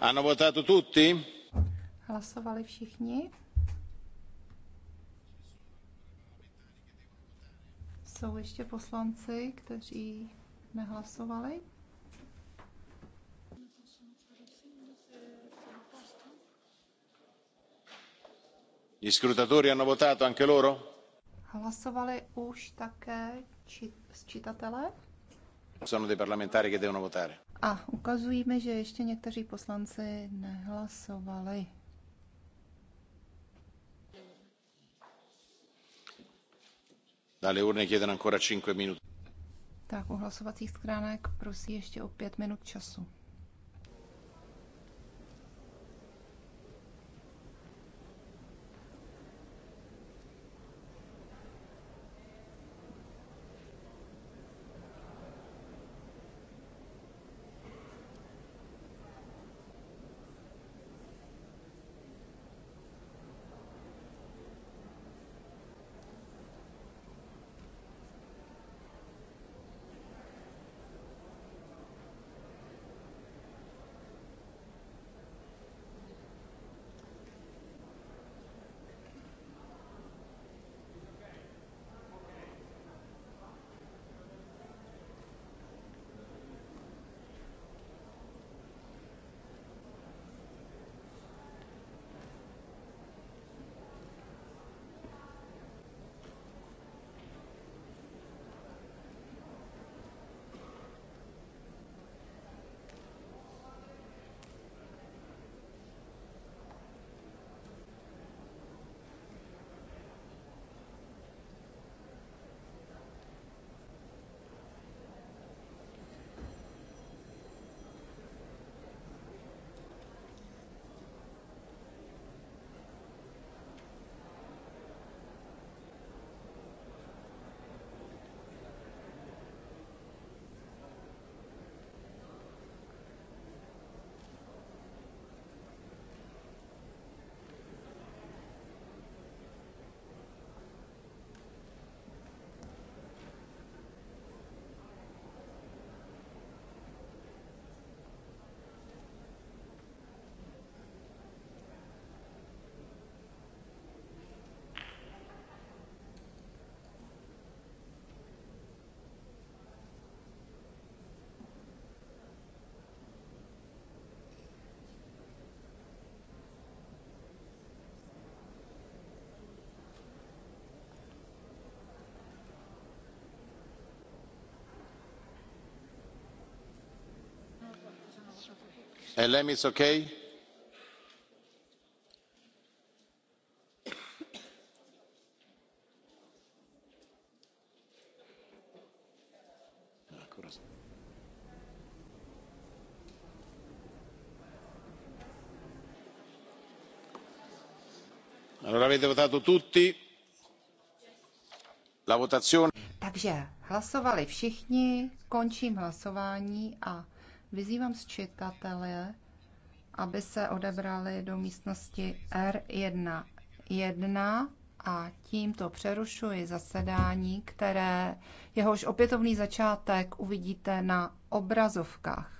Hanno votato tutti? Hlasovali všichni? Jsou ještě poslanci, kteří nehlasovali? Gli scrutatori hanno votato anche loro? Hlasovali už také či- Sono dei parlamentari che devono votare. A ukazují mi, že ještě někteří poslanci nehlasovali. Dále urne jeden ancora 5 minut. Tak u hlasovacích skránek prosí ještě o pět minut času. elem is okay? La Takže hlasovali všichni, končím hlasování a Vyzývám sčítatele, aby se odebrali do místnosti R1.1 a tímto přerušuji zasedání, které jehož opětovný začátek uvidíte na obrazovkách.